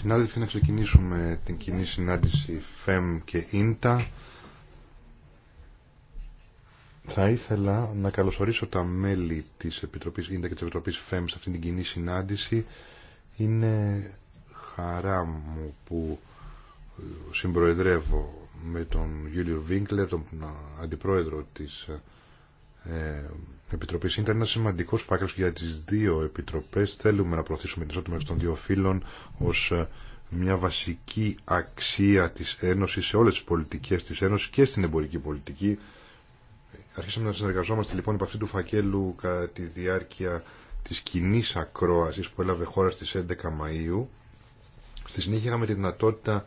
Συνάδελφοι, να ξεκινήσουμε την κοινή συνάντηση ΦΕΜ e και ΙΝΤΑ. Θα ήθελα να καλωσορίσω τα μέλη της Επιτροπής ΙΝΤΑ και της Επιτροπής ΦΕΜ e σε αυτήν την κοινή συνάντηση. Είναι χαρά μου που συμπροεδρεύω με τον Γιούλιο Βίγκλερ, τον αντιπρόεδρο της ε, Επιτροπής. Ήταν ένα σημαντικό φάκελο για τις δύο επιτροπές. Θέλουμε να προωθήσουμε την ισότητα των δύο φύλων ως ε, μια βασική αξία της Ένωσης σε όλες τις πολιτικές της Ένωσης και στην εμπορική πολιτική. Αρχίσαμε να συνεργαζόμαστε λοιπόν από αυτή του φακέλου κατά τη διάρκεια της κοινή ακρόασης που έλαβε χώρα στις 11 Μαΐου. Στη συνέχεια είχαμε τη δυνατότητα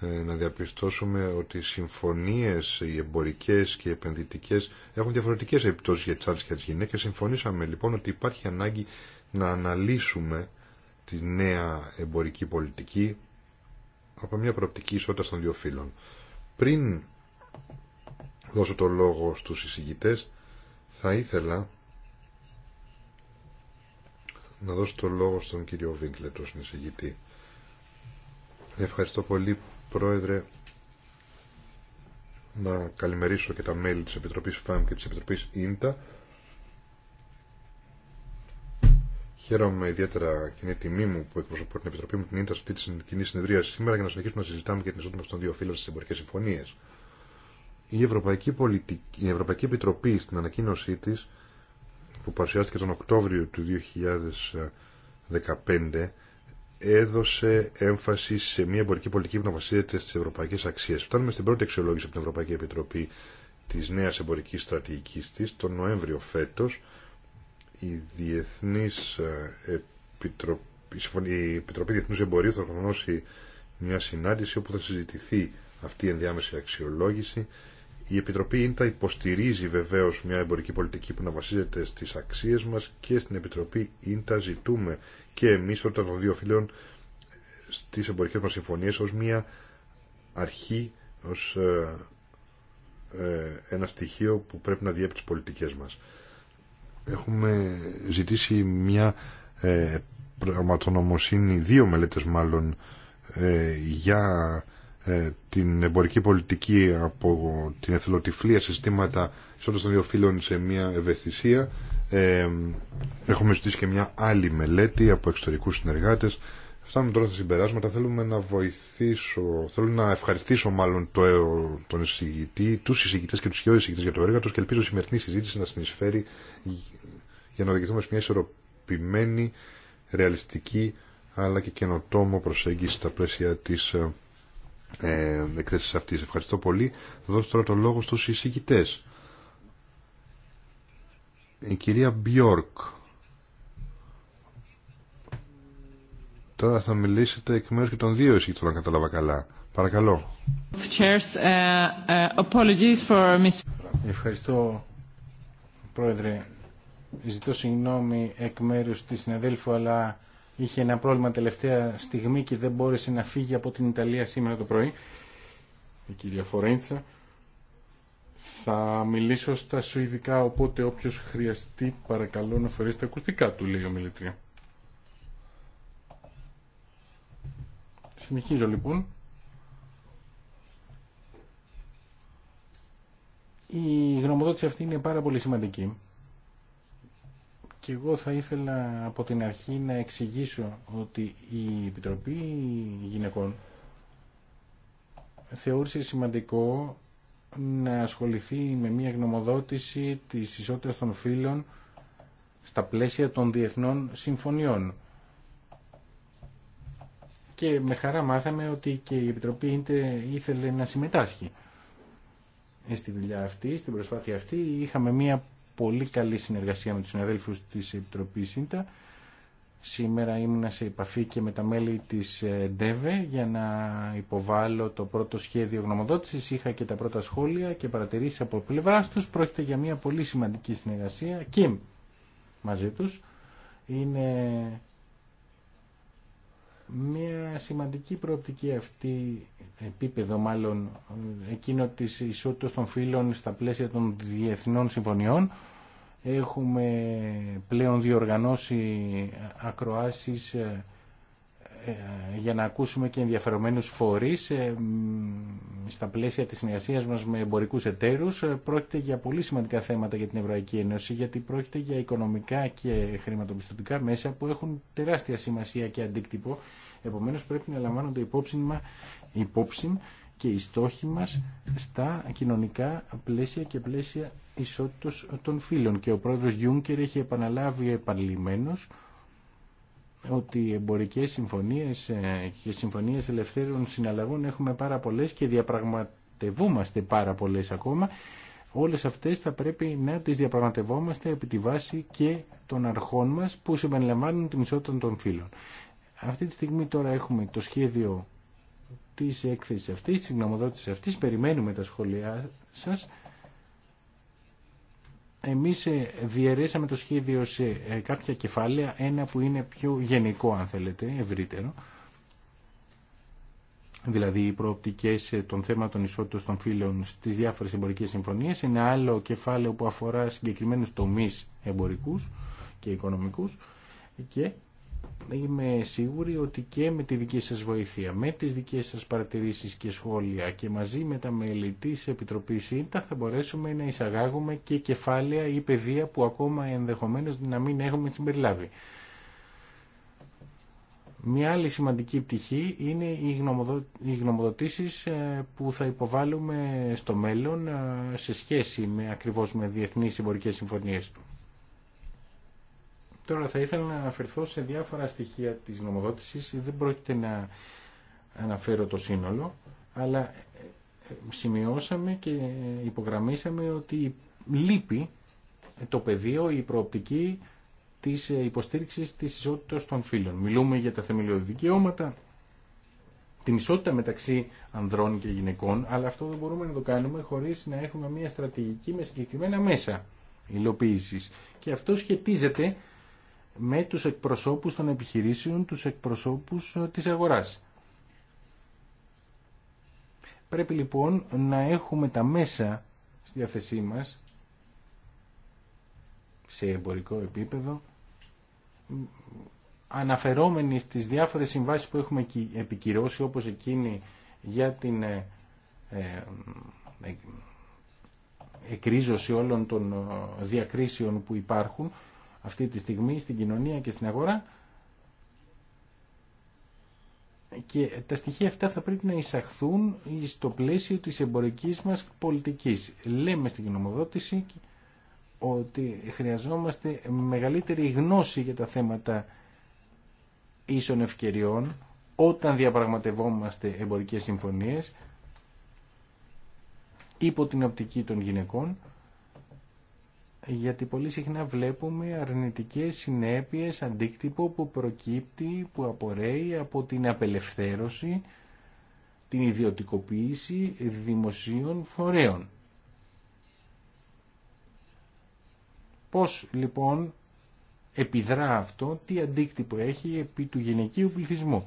ε, να διαπιστώσουμε ότι οι συμφωνίες, οι εμπορικές και οι επενδυτικές έχουν διαφορετικές επιπτώσεις για τις άντρες και τις γυναίκες. Συμφωνήσαμε λοιπόν ότι υπάρχει ανάγκη να αναλύσουμε τη νέα εμπορική πολιτική από μια προοπτική ισότητα των δύο φύλων. Πριν δώσω το λόγο στους εισηγητές, θα ήθελα να δώσω το λόγο στον κύριο Βίγκλετ ω εισηγητή. Ευχαριστώ πολύ Πρόεδρε, να καλημερίσω και τα μέλη της Επιτροπής ΦΑΜ και της Επιτροπής ΙΝΤΑ. Χαίρομαι ιδιαίτερα και είναι τιμή μου που εκπροσωπώ την Επιτροπή μου την ΙΝΤΑ σε αυτή τη κοινή συνεδρία σήμερα για να συνεχίσουμε να συζητάμε για την ισότητα των δύο φύλων στις εμπορικές συμφωνίες. Η Ευρωπαϊκή, Πολιτική, η Ευρωπαϊκή Επιτροπή στην ανακοίνωσή της που παρουσιάστηκε τον Οκτώβριο του 2015 έδωσε έμφαση σε μια εμπορική πολιτική που να βασίζεται στι ευρωπαϊκέ αξίε. Φτάνουμε στην πρώτη αξιολόγηση από την Ευρωπαϊκή Επιτροπή τη νέα εμπορική στρατηγική τη, τον Νοέμβριο φέτο. Η ε, Επιτροπή, η Επιτροπή Διεθνούς Εμπορίου θα οργανώσει μια συνάντηση όπου θα συζητηθεί αυτή η ενδιάμεση αξιολόγηση. Η Επιτροπή ΙΝΤΑ υποστηρίζει βεβαίω μια εμπορική πολιτική που να βασίζεται στι αξίε μα και στην Επιτροπή ΙΝΤΑ ζητούμε και εμεί όταν των δύο φίλων στι εμπορικέ μα συμφωνίε ως μια αρχή, ως ε, ε, ένα στοιχείο που πρέπει να διέπει τι πολιτικές μα. Έχουμε ζητήσει μια ε, πραγματονομοσύνη, δύο μελέτες μάλλον, ε, για την εμπορική πολιτική από την εθελοτυφλία συστήματα ισότητας των δύο φύλων σε μια ευαισθησία ε, έχουμε ζητήσει και μια άλλη μελέτη από εξωτερικούς συνεργάτες. Φτάνουμε τώρα στα συμπεράσματα. Θέλουμε να βοηθήσω, θέλω να ευχαριστήσω μάλλον το, τον εισηγητή, τους εισηγητές και τους χειόδες εισηγητές για το έργο τους και ελπίζω η σημερινή συζήτηση να συνεισφέρει για να οδηγηθούμε σε μια ισορροπημένη, ρεαλιστική αλλά και καινοτόμο προσέγγιση στα πλαίσια της ε, ε εκθέσεις αυτής. Ευχαριστώ πολύ. Θα δώσω τώρα το λόγο στους εισηγητές η κυρία Μπιόρκ. Τώρα θα μιλήσετε εκ μέρους και των δύο εισηγητών, να κατάλαβα καλά. Παρακαλώ. Uh, uh, Ευχαριστώ, Πρόεδρε. Ζητώ συγγνώμη εκ μέρους της συναδέλφου, αλλά είχε ένα πρόβλημα τελευταία στιγμή και δεν μπόρεσε να φύγει από την Ιταλία σήμερα το πρωί. Η κυρία Φορέντσα. Θα μιλήσω στα σουηδικά, οπότε όποιος χρειαστεί παρακαλώ να φορέσει τα ακουστικά του, λέει ο μιλητρία. Συνεχίζω λοιπόν. Η γνωμοδότηση αυτή είναι πάρα πολύ σημαντική. Και εγώ θα ήθελα από την αρχή να εξηγήσω ότι η Επιτροπή Γυναικών θεώρησε σημαντικό να ασχοληθεί με μια γνωμοδότηση της ισότητας των φύλων στα πλαίσια των διεθνών συμφωνιών. Και με χαρά μάθαμε ότι και η Επιτροπή ήθελε να συμμετάσχει ε, στη δουλειά αυτή, στην προσπάθεια αυτή. Είχαμε μια πολύ καλή συνεργασία με τους συναδέλφους της Επιτροπής ΣΥΝΤΑ Σήμερα ήμουνα σε επαφή και με τα μέλη της ΔΕΒΕ για να υποβάλω το πρώτο σχέδιο γνωμοδότησης. Είχα και τα πρώτα σχόλια και παρατηρήσεις από πλευρά τους. Πρόκειται για μια πολύ σημαντική συνεργασία ΚΙΜ μαζί τους. Είναι μια σημαντική προοπτική αυτή επίπεδο μάλλον ε, εκείνο της ισότητας των φύλων στα πλαίσια των διεθνών συμφωνιών Έχουμε πλέον διοργανώσει ακροάσεις ε, ε, για να ακούσουμε και ενδιαφερομένους φορείς ε, στα πλαίσια της συνεργασίας μας με εμπορικούς εταίρους. Πρόκειται για πολύ σημαντικά θέματα για την Ευρωπαϊκή Ένωση γιατί πρόκειται για οικονομικά και χρηματοπιστωτικά μέσα που έχουν τεράστια σημασία και αντίκτυπο. Επομένως πρέπει να λαμβάνονται υπόψη, υπόψη και οι στόχοι μας στα κοινωνικά πλαίσια και πλαίσια ισότητος των φύλων και ο πρόεδρος Γιούνκερ έχει επαναλάβει επανειλημμένως ότι οι εμπορικές συμφωνίες ε, και συμφωνίες ελευθέρων συναλλαγών έχουμε πάρα πολλές και διαπραγματευόμαστε πάρα πολλές ακόμα. Όλες αυτές θα πρέπει να τις διαπραγματευόμαστε επί τη βάση και των αρχών μας που συμπεριλαμβάνουν την ισότητα των φύλων. Αυτή τη στιγμή τώρα έχουμε το σχέδιο της έκθεσης αυτής, της γνωμοδότησης αυτής, περιμένουμε τα σχόλιά σας εμείς ε, διαιρέσαμε το σχέδιο σε ε, κάποια κεφάλαια, ένα που είναι πιο γενικό αν θέλετε, ευρύτερο, δηλαδή οι προοπτικές ε, των θέματων ισότητας των φύλων στις διάφορες εμπορικές συμφωνίες, ένα άλλο κεφάλαιο που αφορά συγκεκριμένους τομείς εμπορικούς και οικονομικούς και είμαι σίγουρη ότι και με τη δική σας βοήθεια, με τις δικές σας παρατηρήσεις και σχόλια και μαζί με τα μέλη της Επιτροπής ΙΝΤΑ θα μπορέσουμε να εισαγάγουμε και κεφάλαια ή παιδεία που ακόμα ενδεχομένως να μην έχουμε συμπεριλάβει. Μια άλλη σημαντική πτυχή είναι οι γνωμοδοτήσεις ε, που θα υποβάλουμε στο μέλλον ε, σε σχέση με ακριβώς με διεθνείς συμφωνίες. Τώρα θα ήθελα να αναφερθώ σε διάφορα στοιχεία της νομοδότησης. Δεν πρόκειται να αναφέρω το σύνολο, αλλά ε, σημειώσαμε και υπογραμμίσαμε ότι λείπει το πεδίο, η προοπτική της ε, υποστήριξης της ισότητας των φίλων. Μιλούμε για τα θεμελιώδη δικαιώματα, την ισότητα μεταξύ ανδρών και γυναικών, αλλά αυτό δεν μπορούμε να το κάνουμε χωρίς να έχουμε μια στρατηγική με συγκεκριμένα μέσα υλοποίησης. Και αυτό σχετίζεται με τους εκπροσώπους των επιχειρήσεων, τους εκπροσώπους ε, της αγοράς. Πρέπει λοιπόν να έχουμε τα μέσα στη διάθεσή μας σε εμπορικό επίπεδο αναφερόμενοι στις διάφορες συμβάσεις που έχουμε επικυρώσει όπως εκείνη για την ε, ε, εκρίζωση όλων των διακρίσεων που υπάρχουν αυτή τη στιγμή στην κοινωνία και στην αγορά και τα στοιχεία αυτά θα πρέπει να εισαχθούν στο πλαίσιο της εμπορικής μας πολιτικής. Λέμε στην κοινομοδότηση ότι χρειαζόμαστε μεγαλύτερη γνώση για τα θέματα ίσων ευκαιριών όταν διαπραγματευόμαστε εμπορικές συμφωνίες υπό την οπτική των γυναικών γιατί πολύ συχνά βλέπουμε αρνητικές συνέπειες, αντίκτυπο που προκύπτει, που απορρέει από την απελευθέρωση, την ιδιωτικοποίηση δημοσίων φορέων. Πώς λοιπόν επιδρά αυτό, τι αντίκτυπο έχει επί του γενικού πληθυσμού.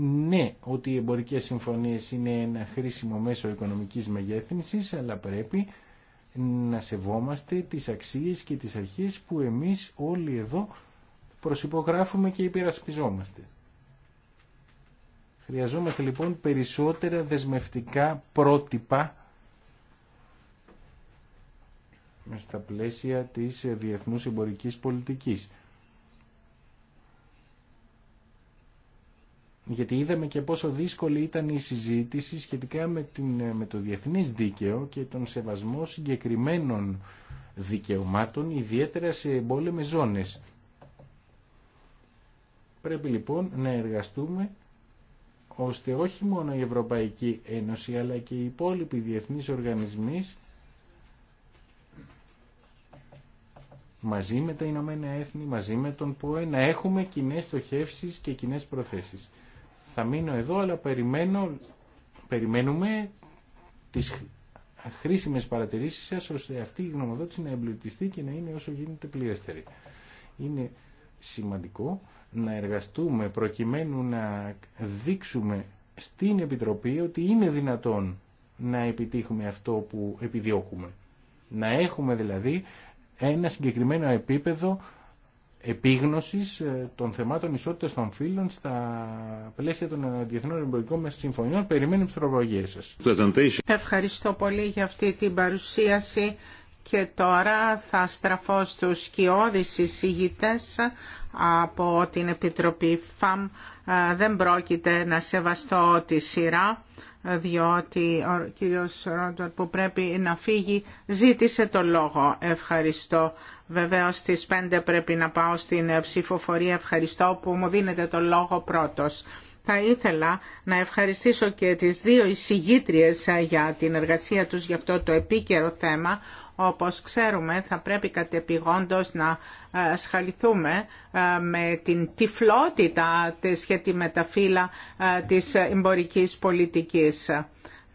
ναι ότι οι εμπορικές συμφωνίες είναι ένα χρήσιμο μέσο οικονομικής μεγέθυνσης, αλλά πρέπει να σεβόμαστε τις αξίες και τις αρχές που εμείς όλοι εδώ προσυπογράφουμε και υπερασπιζόμαστε. Χρειαζόμαστε λοιπόν περισσότερα δεσμευτικά πρότυπα στα πλαίσια της διεθνούς εμπορικής πολιτικής. γιατί είδαμε και πόσο δύσκολη ήταν η συζήτηση σχετικά με, την, με το διεθνής δίκαιο και τον σεβασμό συγκεκριμένων δικαιωμάτων, ιδιαίτερα σε εμπόλεμες ζώνες. Πρέπει λοιπόν να εργαστούμε ώστε όχι μόνο η Ευρωπαϊκή Ένωση αλλά και οι υπόλοιποι διεθνείς οργανισμοί μαζί με τα Ηνωμένα Έθνη, μαζί με τον ΠΟΕ να έχουμε κοινέ στοχεύσεις και κοινέ προθέσεις θα μείνω εδώ, αλλά περιμένω, περιμένουμε τις χρήσιμες παρατηρήσεις σας, ώστε αυτή η γνωμοδότηση να εμπλουτιστεί και να είναι όσο γίνεται πληρέστερη. Είναι σημαντικό να εργαστούμε προκειμένου να δείξουμε στην Επιτροπή ότι είναι δυνατόν να επιτύχουμε αυτό που επιδιώκουμε. Να έχουμε δηλαδή ένα συγκεκριμένο επίπεδο επίγνωσης ε, των θεμάτων ισότητας των φύλων στα πλαίσια των διεθνών εμπορικών μας συμφωνιών. Περιμένουμε τις τροπολογίες σας. Ευχαριστώ πολύ για αυτή την παρουσίαση και τώρα θα στραφώ στους κοιόδης εισηγητές από την Επιτροπή ΦΑΜ. Ε, δεν πρόκειται να σεβαστώ τη σειρά διότι ο κύριος Ρόντορ που πρέπει να φύγει ζήτησε το λόγο. Ευχαριστώ Βεβαίω, στι 5 πρέπει να πάω στην ψηφοφορία. Ευχαριστώ που μου δίνετε το λόγο πρώτο. Θα ήθελα να ευχαριστήσω και τις δύο εισηγήτριες ε, για την εργασία τους για αυτό το επίκαιρο θέμα. Όπως ξέρουμε θα πρέπει κατεπηγόντως να ε, ασχαληθούμε ε, με την τυφλότητα σχετικά με τα φύλλα της εμπορικής πολιτικής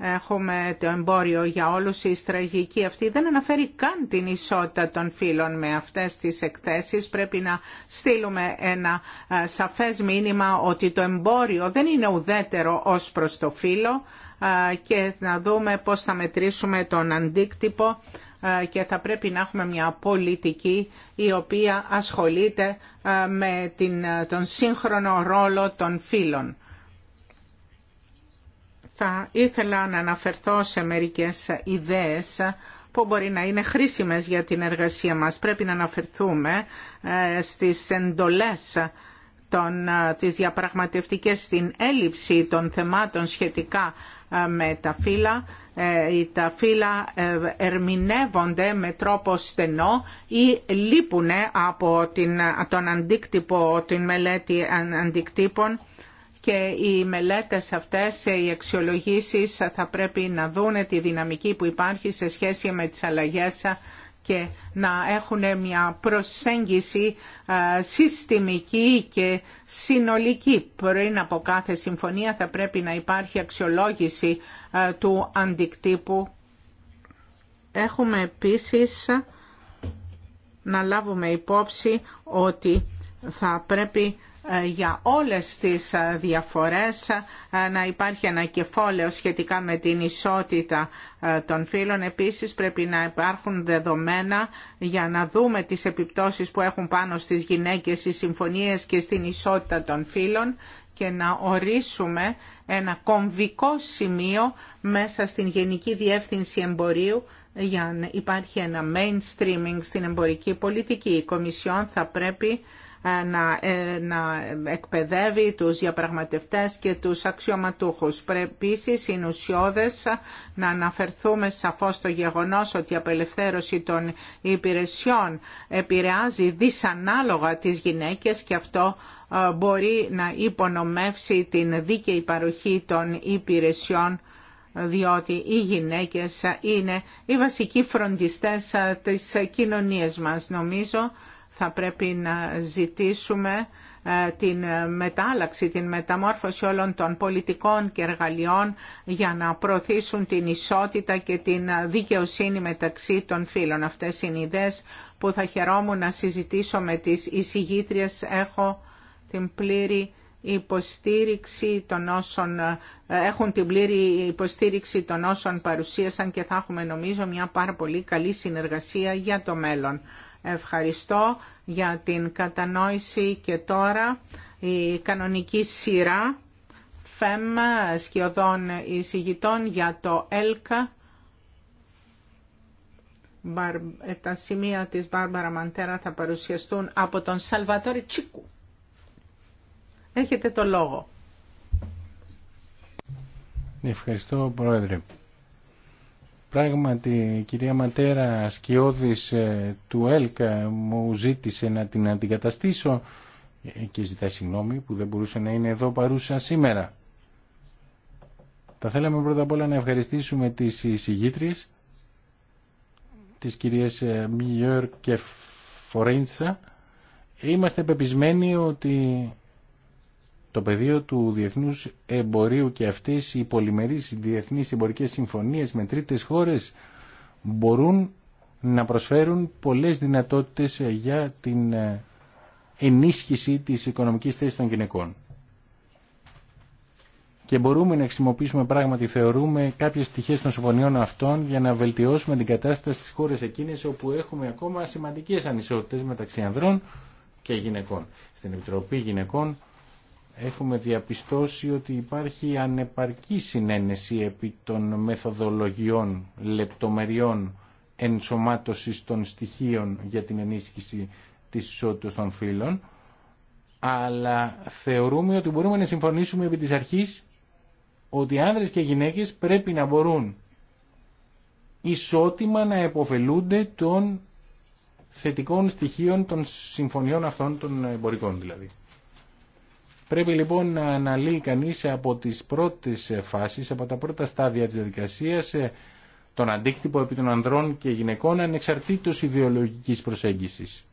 έχουμε το εμπόριο για όλους, η στραγική αυτή δεν αναφέρει καν την ισότητα των φύλων με αυτές τις εκθέσεις. Πρέπει να στείλουμε ένα σαφές μήνυμα ότι το εμπόριο δεν είναι ουδέτερο ως προς το φύλο και να δούμε πώς θα μετρήσουμε τον αντίκτυπο και θα πρέπει να έχουμε μια πολιτική η οποία ασχολείται με τον σύγχρονο ρόλο των φύλων θα ήθελα να αναφερθώ σε μερικές ιδέες που μπορεί να είναι χρήσιμες για την εργασία μας. Πρέπει να αναφερθούμε ε, στις εντολές των, ε, τις διαπραγματευτικές στην έλλειψη των θεμάτων σχετικά ε, με τα φύλλα. Τα φύλλα ερμηνεύονται με τρόπο στενό ή λείπουν από την, τον αντίκτυπο, την μελέτη αντικτύπων και οι μελέτες αυτές, οι αξιολογήσεις θα πρέπει να δούνε τη δυναμική που υπάρχει σε σχέση με τις αλλαγές και να έχουν μια προσέγγιση συστημική και συνολική. Πριν από κάθε συμφωνία θα πρέπει να υπάρχει αξιολόγηση του αντικτύπου. Έχουμε επίσης να λάβουμε υπόψη ότι θα πρέπει ε, για όλες τις ε, διαφορές ε, να υπάρχει ένα κεφόλαιο σχετικά με την ισότητα των φύλων. Επίσης πρέπει να υπάρχουν δεδομένα για να δούμε τις επιπτώσεις που έχουν πάνω στις γυναίκες οι συμφωνίες και στην ισότητα των φύλων και να ορίσουμε ένα κομβικό σημείο μέσα στην Γενική Διεύθυνση Εμπορίου για να υπάρχει ένα mainstreaming στην εμπορική πολιτική. Η Κομισιόν θα πρέπει να, ε, να εκπαιδεύει τους διαπραγματευτές και τους αξιωματούχους. Πρέπει επίσης οι να αναφερθούμε σαφώς στο γεγονός ότι η απελευθέρωση των υπηρεσιών επηρεάζει δυσανάλογα τις γυναίκες και αυτό ε, μπορεί να υπονομεύσει την δίκαιη παροχή των υπηρεσιών διότι οι γυναίκες είναι οι βασικοί φροντιστές ε, της κοινωνίας μας. Νομίζω θα πρέπει να ζητήσουμε ε, την μετάλλαξη, την μεταμόρφωση όλων των πολιτικών και εργαλειών για να προωθήσουν την ισότητα και την δικαιοσύνη μεταξύ των φίλων. Αυτές είναι οι ιδέες που θα χαιρόμουν να συζητήσω με τις εισηγήτριες. Έχω την πλήρη υποστήριξη των όσων, ε, έχουν την πλήρη υποστήριξη των όσων παρουσίασαν και θα έχουμε νομίζω μια πάρα πολύ καλή συνεργασία για το μέλλον. Ευχαριστώ για την κατανόηση και τώρα η κανονική σειρά ΦΕΜ σκιωδών εισηγητών για το ΕΛΚΑ ε, τα σημεία της Μπάρμπαρα Μαντέρα θα παρουσιαστούν από τον Σαλβατόρη Τσίκου. Έχετε το λόγο. Ευχαριστώ, Πρόεδρε. Πράγματι, η κυρία Ματέρα Σκιώδης ε, του ΕΛΚΑ ε, μου ζήτησε να την αντικαταστήσω ε, και ζητάει συγγνώμη που δεν μπορούσε να είναι εδώ παρούσα σήμερα. Θα θέλαμε πρώτα απ' όλα να ευχαριστήσουμε τις εισηγήτριες, τις κυρίες Μιγιόρ και Φορέντσα. Είμαστε πεπισμένοι ότι το πεδίο του διεθνούς εμπορίου και αυτές οι πολυμερείς διεθνείς εμπορικές συμφωνίες με τρίτες χώρες μπορούν να προσφέρουν πολλές δυνατότητες για την ε, ενίσχυση της οικονομικής θέσης των γυναικών. Και μπορούμε να χρησιμοποιήσουμε πράγματι, θεωρούμε, κάποιες πτυχές των συμφωνιών αυτών για να βελτιώσουμε την κατάσταση στις χώρες εκείνες όπου έχουμε ακόμα σημαντικές ανισότητες μεταξύ ανδρών και γυναικών. Στην Επιτροπή Γυναικών έχουμε διαπιστώσει ότι υπάρχει ανεπαρκή συνένεση επί των μεθοδολογιών λεπτομεριών ενσωμάτωσης των στοιχείων για την ενίσχυση της ισότητας των φύλων, αλλά θεωρούμε ότι μπορούμε να συμφωνήσουμε επί της αρχής ότι άνδρες και γυναίκες πρέπει να μπορούν ισότιμα να επωφελούνται των θετικών στοιχείων των συμφωνιών αυτών των εμπορικών δηλαδή. Πρέπει λοιπόν να αναλύει κανείς από τις πρώτες φάσεις, από τα πρώτα στάδια της διαδικασίας, ε, τον αντίκτυπο επί των ανδρών και γυναικών ανεξαρτήτως ιδεολογικής προσέγγισης.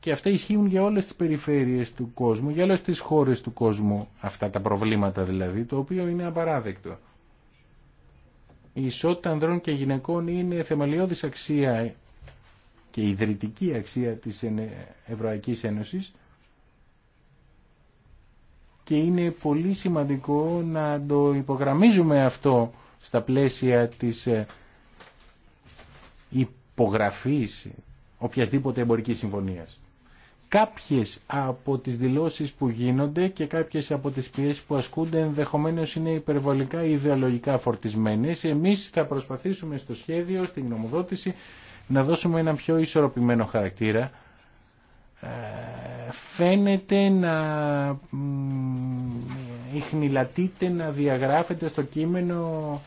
Και αυτά ισχύουν για όλες τις περιφέρειες του κόσμου, για όλες τις χώρες του κόσμου, αυτά τα προβλήματα δηλαδή, το οποίο είναι απαράδεκτο. Η ισότητα ανδρών και γυναικών είναι θεμελιώδης αξία και ιδρυτική αξία της Ευρωπαϊκής Ένωσης και είναι πολύ σημαντικό να το υπογραμμίζουμε αυτό στα πλαίσια της ε, υπογραφής οποιασδήποτε εμπορική συμφωνίας. Κάποιες από τις δηλώσεις που γίνονται και κάποιες από τις πιέσεις που ασκούνται ενδεχομένως είναι υπερβολικά ιδεολογικά φορτισμένες. Εμείς θα προσπαθήσουμε στο σχέδιο, στην γνωμοδότηση, να δώσουμε ένα πιο ισορροπημένο χαρακτήρα φαίνεται να ηχνηλατείται να διαγράφεται στο κείμενο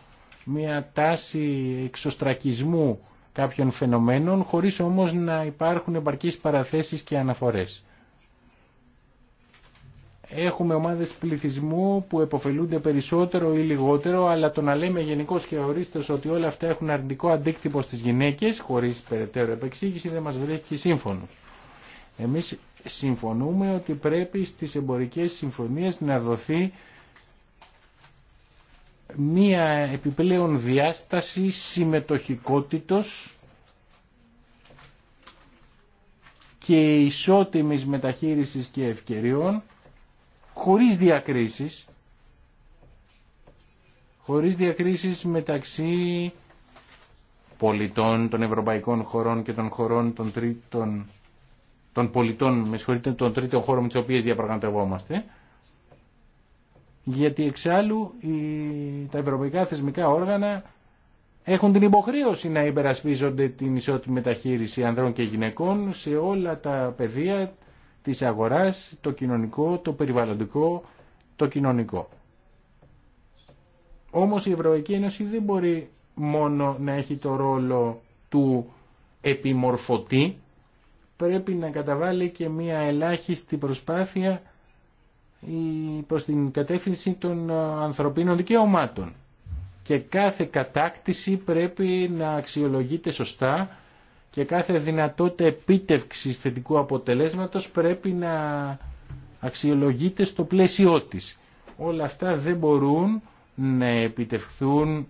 μια τάση εξωστρακισμού κάποιων φαινομένων, χωρίς όμως να υπάρχουν επαρκείς παραθέσεις και αναφορές. Έχουμε ομάδες πληθυσμού που επωφελούνται περισσότερο ή λιγότερο, αλλά το να λέμε γενικώ και ορίστως ότι όλα αυτά έχουν αρνητικό αντίκτυπο στις γυναίκες, χωρίς περαιτέρω επεξήγηση, δεν μας βρέχει σύμφωνος. Εμείς συμφωνούμε ότι πρέπει στις εμπορικές συμφωνίες να δοθεί μία επιπλέον διάσταση συμμετοχικότητος και ισότιμης μεταχείρισης και ευκαιριών χωρίς διακρίσεις χωρίς διακρίσεις μεταξύ πολιτών των ευρωπαϊκών χωρών και των χωρών των τρίτων των πολιτών, με συγχωρείτε, των τρίτων χώρων με τις οποίες διαπραγματευόμαστε, γιατί εξάλλου τα ευρωπαϊκά θεσμικά όργανα έχουν την υποχρέωση να υπερασπίζονται την ισότιμη μεταχείριση ανδρών και γυναικών σε όλα τα πεδία της αγοράς, το κοινωνικό, το περιβαλλοντικό, το κοινωνικό. Όμως η Ευρωπαϊκή Ένωση δεν μπορεί μόνο να έχει το ρόλο του επιμορφωτή πρέπει να καταβάλει και μια ελάχιστη προσπάθεια προς την κατεύθυνση των ε, ανθρωπίνων δικαιωμάτων. Και κάθε κατάκτηση πρέπει να αξιολογείται σωστά και κάθε δυνατότητα επίτευξης θετικού αποτελέσματος πρέπει να αξιολογείται στο πλαίσιό της. Όλα αυτά δεν μπορούν να επιτευχθούν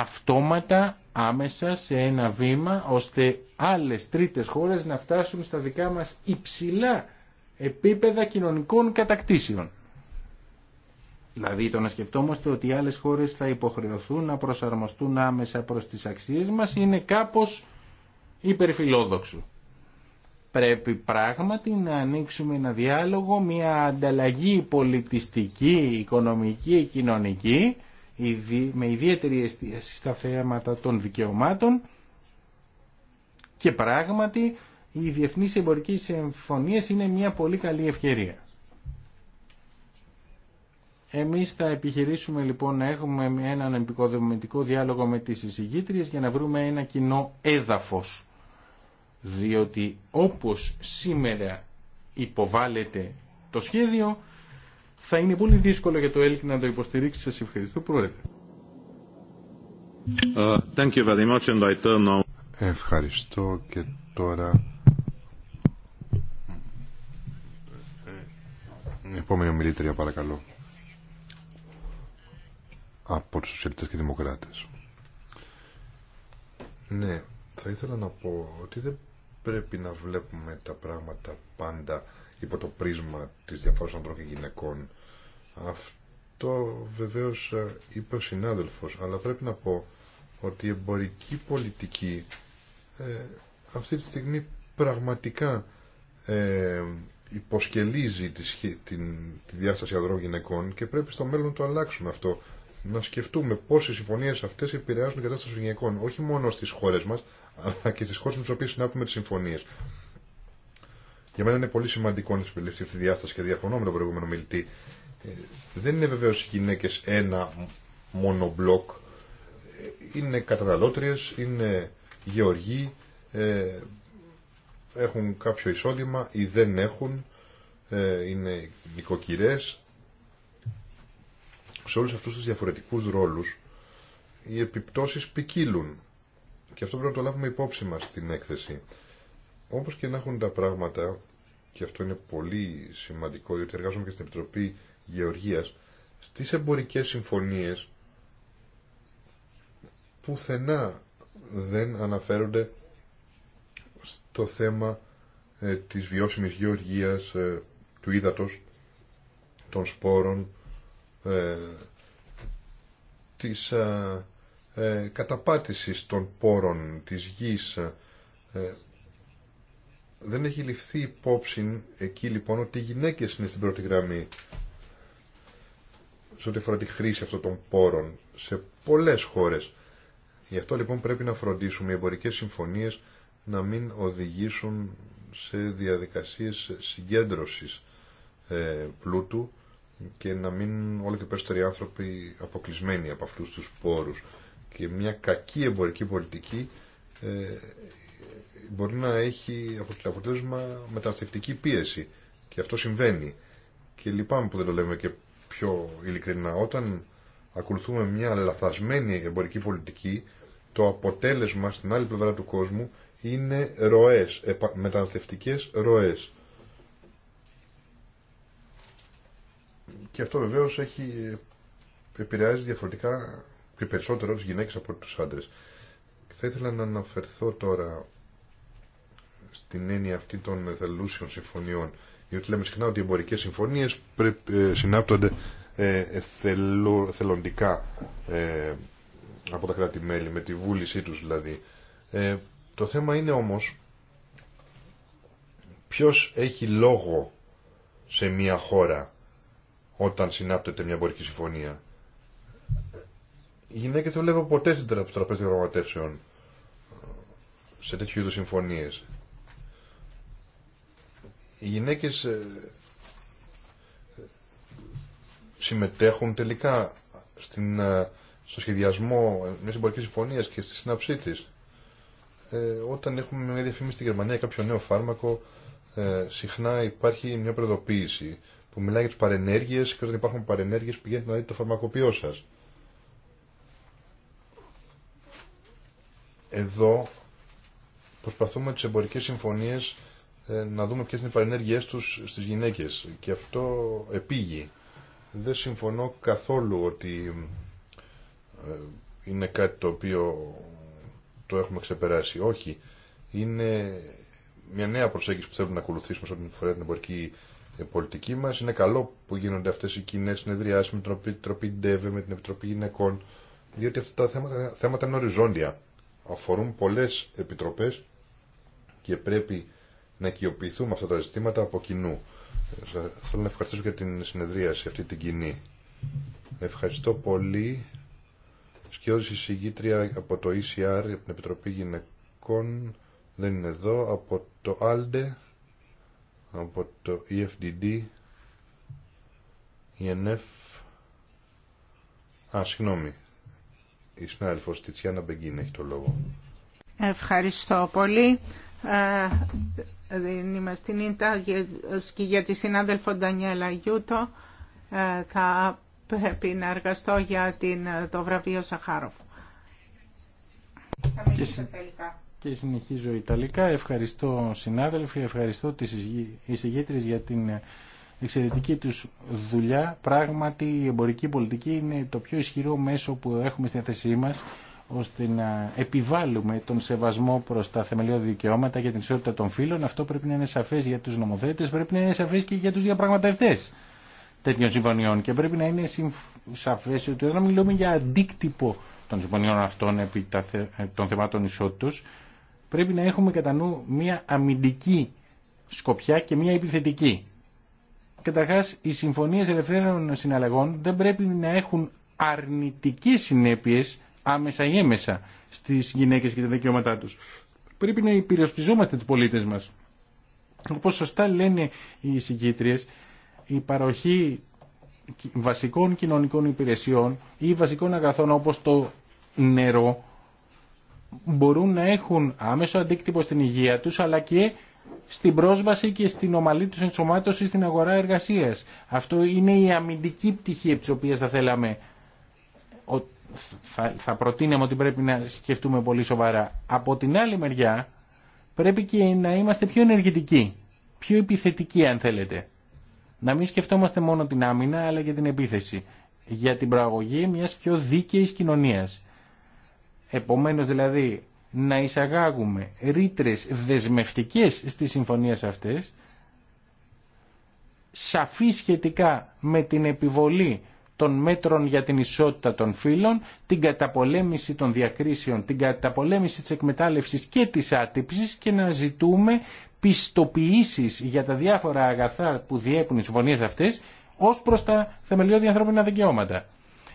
αυτόματα άμεσα σε ένα βήμα ώστε άλλες τρίτες χώρες να φτάσουν στα δικά μας υψηλά επίπεδα κοινωνικών κατακτήσεων. Δηλαδή το να σκεφτόμαστε ότι άλλες χώρες θα υποχρεωθούν να προσαρμοστούν άμεσα προς τις αξίες μας είναι κάπως υπερφιλόδοξο. Πρέπει πράγματι να ανοίξουμε ένα διάλογο, μια ανταλλαγή πολιτιστική, οικονομική, κοινωνική με ιδιαίτερη εστίαση στα θέματα των δικαιωμάτων και πράγματι οι διεθνείς εμπορική συμφωνίες είναι μια πολύ καλή ευκαιρία. Εμείς θα επιχειρήσουμε λοιπόν να έχουμε έναν επικοδομητικό διάλογο με τις εισηγήτριες για να βρούμε ένα κοινό έδαφος. Διότι όπως σήμερα υποβάλλεται το σχέδιο, θα είναι πολύ δύσκολο για το ΕΛΚ να το υποστηρίξει. Σα ευχαριστώ, Πρόεδρε. Ε, thank you very much and I turn Ευχαριστώ και τώρα... Ε, ε, επόμενη ομιλήτρια, παρακαλώ. Από του Σοσιαλιστέ και δημοκράτε. Ναι, θα ήθελα να πω ότι δεν πρέπει να βλέπουμε τα πράγματα πάντα υπό το πρίσμα της διαφοράς ανδρών και γυναικών. Αυτό βεβαίως ε, είπε ο συνάδελφος, αλλά πρέπει να πω ότι η εμπορική πολιτική ε, αυτή τη στιγμή πραγματικά ε, υποσκελίζει τη, την, τη διάσταση ανδρών γυναικών και πρέπει στο μέλλον το αλλάξουμε αυτό. Να σκεφτούμε πώς οι συμφωνίες αυτές επηρεάζουν την κατάσταση των γυναικών, όχι μόνο στις χώρες μας, αλλά και στις χώρες με τις οποίες συνάπτουμε τις συμφωνίες. Για μένα είναι πολύ σημαντικό να συμπεριληφθεί αυτή η διάσταση και διαφωνώ με τον προηγούμενο μιλητή. Ε, δεν είναι βεβαίω οι γυναίκε ένα μόνο μπλοκ. Ε, είναι καταναλώτριε, είναι γεωργοί, ε, έχουν κάποιο εισόδημα ή δεν έχουν, είναι νοικοκυρέ. Σε όλου αυτού του διαφορετικού ρόλου οι επιπτώσει ποικίλουν. Και αυτό πρέπει να το λάβουμε υπόψη μα στην έκθεση. Όπως και να έχουν τα πράγματα, και αυτό είναι πολύ σημαντικό, διότι εργάζομαι και στην Επιτροπή Γεωργίας, στις εμπορικές συμφωνίες πουθενά δεν αναφέρονται στο θέμα ε, της βιώσιμης γεωργίας, ε, του ύδατος, των σπόρων, ε, της ε, καταπάτησης των πόρων της γης, δεν έχει ληφθεί υπόψη εκεί λοιπόν ότι οι γυναίκες είναι στην πρώτη γραμμή σε ό,τι αφορά τη χρήση αυτών των πόρων σε πολλές χώρες. Γι' αυτό λοιπόν πρέπει να φροντίσουμε οι εμπορικές συμφωνίες να μην οδηγήσουν σε διαδικασίες συγκέντρωσης ε, πλούτου και να μην όλο και περισσότεροι άνθρωποι αποκλεισμένοι από αυτούς τους πόρους. Και μια κακή εμπορική πολιτική ε, μπορεί να έχει αποτέλεσμα μεταναστευτική πίεση. Και αυτό συμβαίνει. Και λυπάμαι που δεν το λέμε και πιο ειλικρινά. Όταν ακολουθούμε μια λαθασμένη εμπορική πολιτική, το αποτέλεσμα στην άλλη πλευρά του κόσμου είναι ροές, μεταναστευτικές ροές. Και αυτό βεβαίως έχει επηρεάζει διαφορετικά και περισσότερο τις από τους άντρες. Θα ήθελα να αναφερθώ τώρα στην έννοια αυτή των εθελούσιων συμφωνιών. Διότι λέμε συχνά ότι οι εμπορικέ συμφωνίε ε, συνάπτονται ε, εθελοντικά ε, από τα κράτη-μέλη, με τη βούλησή τους δηλαδή. το θέμα είναι όμως Ποιο έχει λόγο σε μια χώρα όταν συνάπτεται μια εμπορική συμφωνία. Οι γυναίκε δεν βλέπω ποτέ στην τραπέζι διαπραγματεύσεων σε τέτοιου είδου συμφωνίε οι γυναίκες ε, συμμετέχουν τελικά στην, ε, στο σχεδιασμό μιας εμπορικής συμφωνίας και στη σύναψή της. Ε, όταν έχουμε μια διαφήμιση στην Γερμανία κάποιο νέο φάρμακο, ε, συχνά υπάρχει μια προεδοποίηση που μιλάει για τις παρενέργειες και όταν υπάρχουν παρενέργειες πηγαίνετε να δείτε το φαρμακοποιό σας. Εδώ προσπαθούμε τις εμπορικές συμφωνίες ε, να δούμε ποιες είναι οι παρενέργειές τους στις γυναίκες. Και αυτό επίγει. Δεν συμφωνώ καθόλου ότι ε, είναι κάτι το οποίο το έχουμε ξεπεράσει. Όχι. Είναι μια νέα προσέγγιση που θέλουμε να ακολουθήσουμε σε ό,τι την εμπορική ε, πολιτική μας. Είναι καλό που γίνονται αυτές οι κοινέ συνεδριάσεις με την Επιτροπή ΝΤΕΒΕ, με την Επιτροπή Γυναικών, διότι αυτά τα θέματα, θέματα είναι οριζόντια. Αφορούν πολλές επιτροπές και πρέπει να οικειοποιηθούμε αυτά τα ζητήματα από κοινού. Θέλω να ευχαριστήσω για την συνεδρίαση αυτή την κοινή. Ευχαριστώ πολύ. η συγγήτρια από το ECR, από την Επιτροπή Γυναικών, δεν είναι εδώ, από το ALDE, από το EFDD, ENF, α, συγγνώμη, η συνάδελφος Τιτσιάνα Μπεγκίν έχει το λόγο. Ευχαριστώ πολύ. Ε, δίνουμε στην ΙΝΤΑ και ε, για τη συνάδελφο Ντανιέλα Γιούτο ε, θα πρέπει να εργαστώ για την, ε, το βραβείο Σαχάροφ. Και συνεχίζω Ιταλικά. Ευχαριστώ συνάδελφοι, ευχαριστώ τις εισηγήτρες για την εξαιρετική τους δουλειά. Πράγματι η εμπορική πολιτική είναι το πιο ισχυρό μέσο που έχουμε στη θέση μας ώστε να επιβάλλουμε τον σεβασμό προ τα θεμελιώδη δικαιώματα για την ισότητα των φύλων. Αυτό πρέπει να είναι σαφέ για του νομοθέτε, πρέπει να είναι σαφέ και για του διαπραγματευτέ τέτοιων συμφωνιών και πρέπει να είναι σαφέ ότι όταν μιλούμε για αντίκτυπο των συμφωνιών αυτών επί ε, των θεμάτων ισότητα, πρέπει να έχουμε κατά νου μια αμυντική σκοπιά και μια επιθετική. Καταρχά, οι συμφωνίε ελευθέρων συναλλαγών δεν πρέπει να έχουν αρνητικέ συνέπειε άμεσα ή έμεσα στις γυναίκε και τα δικαιώματά τους. Πρέπει να υπηρεσπιζόμαστε του πολίτες μας. Όπως σωστά λένε οι συγκήτριες, η παροχή βασικών κοινωνικών υπηρεσιών ή βασικών αγαθών όπως το νερό μπορούν να έχουν άμεσο αντίκτυπο στην υγεία τους αλλά και στην πρόσβαση και στην ομαλή τους ενσωμάτωση στην αγορά εργασίας. Αυτό είναι η αμυντική πτυχή της οποία θα θέλαμε θα προτείνουμε ότι πρέπει να σκεφτούμε πολύ σοβαρά. Από την άλλη μεριά πρέπει και να είμαστε πιο ενεργητικοί, πιο επιθετικοί αν θέλετε. Να μην σκεφτόμαστε μόνο την άμυνα αλλά και την επίθεση για την προαγωγή μιας πιο δίκαιης κοινωνίας. Επομένως δηλαδή να εισαγάγουμε ρήτρε δεσμευτικές στις συμφωνίες αυτές, σαφή σχετικά με την επιβολή των μέτρων για την ισότητα των φύλων, την καταπολέμηση των διακρίσεων, την καταπολέμηση της εκμετάλλευσης και της άτυψης και να ζητούμε πιστοποιήσεις για τα διάφορα αγαθά που διέπουν οι συμφωνίες αυτές ως προς τα θεμελιώδη ανθρώπινα δικαιώματα.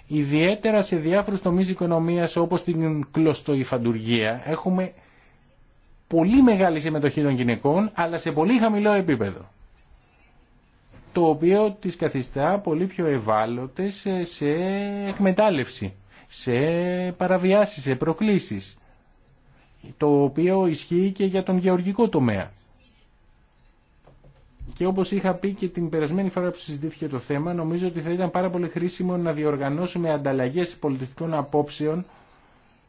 Ιδιαίτερα σε διάφορους τομείς οικονομίας όπως την κλωστοϊφαντουργία έχουμε πολύ μεγάλη συμμετοχή των γυναικών αλλά σε πολύ χαμηλό επίπεδο το οποίο τις καθιστά πολύ πιο ευάλωτες σε εκμετάλλευση, σε παραβιάσεις, σε προκλήσεις, το οποίο ισχύει και για τον γεωργικό τομέα. Και όπως είχα πει και την περασμένη φορά που συζητήθηκε το θέμα, νομίζω ότι θα ήταν πάρα πολύ χρήσιμο να διοργανώσουμε ανταλλαγές πολιτιστικών απόψεων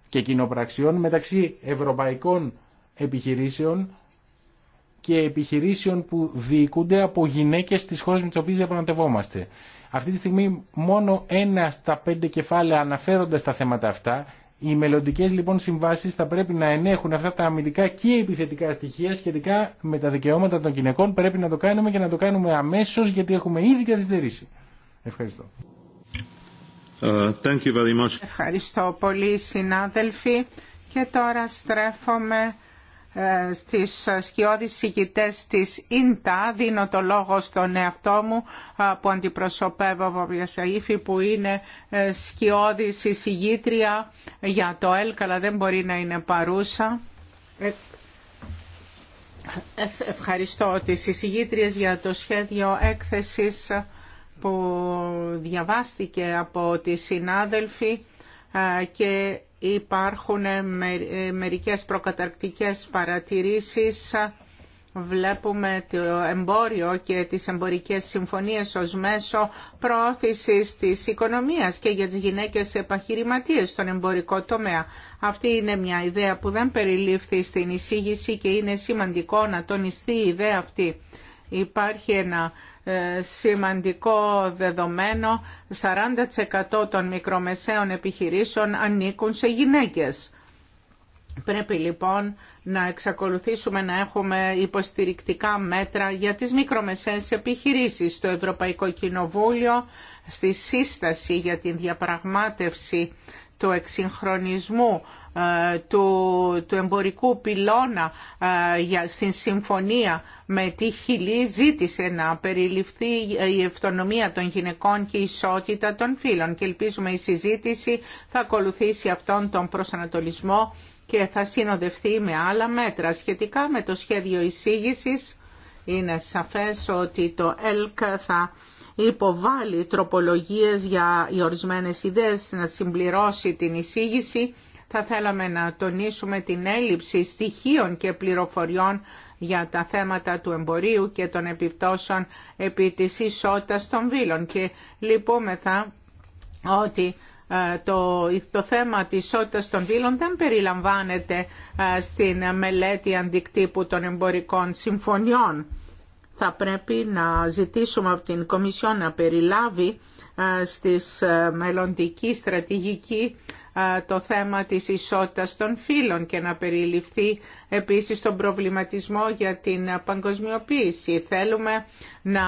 και κοινοπραξιών μεταξύ ευρωπαϊκών επιχειρήσεων και επιχειρήσεων που διοικούνται από γυναίκες στις χώρες με τις οποίες διαπραγματευόμαστε. Αυτή τη στιγμή μόνο ένα στα πέντε κεφάλαια αναφέρονται στα θέματα αυτά. Οι μελλοντικέ λοιπόν συμβάσει θα πρέπει να ενέχουν αυτά τα αμυντικά και επιθετικά στοιχεία σχετικά με τα δικαιώματα των γυναικών. Πρέπει να το κάνουμε και να το κάνουμε αμέσω γιατί έχουμε ήδη καθυστερήσει. Ευχαριστώ. Ε, thank Ευχαριστώ πολύ συνάδελφοι και τώρα στρέφομαι στις σκιώδεις συγκητές της ΙΝΤΑ. Δίνω το λόγο στον εαυτό μου που αντιπροσωπεύω από Σαΐφη που είναι ε, σκιώδης εισηγήτρια για το ΕΛΚ αλλά δεν μπορεί να είναι παρούσα. Ε, ευχαριστώ τις εισηγήτριες για το σχέδιο έκθεσης που διαβάστηκε από τη συνάδελφη και Υπάρχουν ε, μερικές προκαταρκτικές παρατηρήσεις. Βλέπουμε το εμπόριο και τις εμπορικές συμφωνίες ως μέσο προώθησης της οικονομίας και για τις γυναίκες επαχειρηματίες στον εμπορικό τομέα. Αυτή είναι μια ιδέα που δεν περιλήφθη στην εισήγηση και είναι σημαντικό να τονιστεί η ιδέα αυτή. Υπάρχει ένα ε, σημαντικό δεδομένο 40% των μικρομεσαίων επιχειρήσεων ανήκουν σε γυναίκες. Πρέπει λοιπόν να εξακολουθήσουμε να έχουμε υποστηρικτικά μέτρα για τις μικρομεσαίες επιχειρήσεις. Στο Ευρωπαϊκό Κοινοβούλιο στη σύσταση για την διαπραγμάτευση του εξυγχρονισμού ε, του, του εμπορικού πυλώνα ε, για, στην συμφωνία με τη Χιλή ζήτησε να περιληφθεί η ευτονομία των γυναικών και η ισότητα των φύλων και ελπίζουμε η συζήτηση θα ακολουθήσει αυτόν τον προσανατολισμό και θα συνοδευτεί με άλλα μέτρα. Σχετικά με το σχέδιο εισήγησης είναι σαφές ότι το ΕΛΚ θα υποβάλει τροπολογίες για οι ορισμένες ιδέες να συμπληρώσει την εισήγηση. Θα θέλαμε να τονίσουμε την έλλειψη στοιχείων και πληροφοριών για τα θέματα του εμπορίου και των επιπτώσεων επί της ισότητας των βήλων. Και λυπούμεθα ότι ε, το, το θέμα της ισότητας των βήλων δεν περιλαμβάνεται ε, στην μελέτη αντικτύπου των εμπορικών συμφωνιών θα πρέπει να ζητήσουμε από την Κομισιό να περιλάβει ε, στις ε, μελλοντική στρατηγική ε, το θέμα της ισότητας των φύλων και να περιληφθεί επίσης τον προβληματισμό για την παγκοσμιοποίηση. Θέλουμε να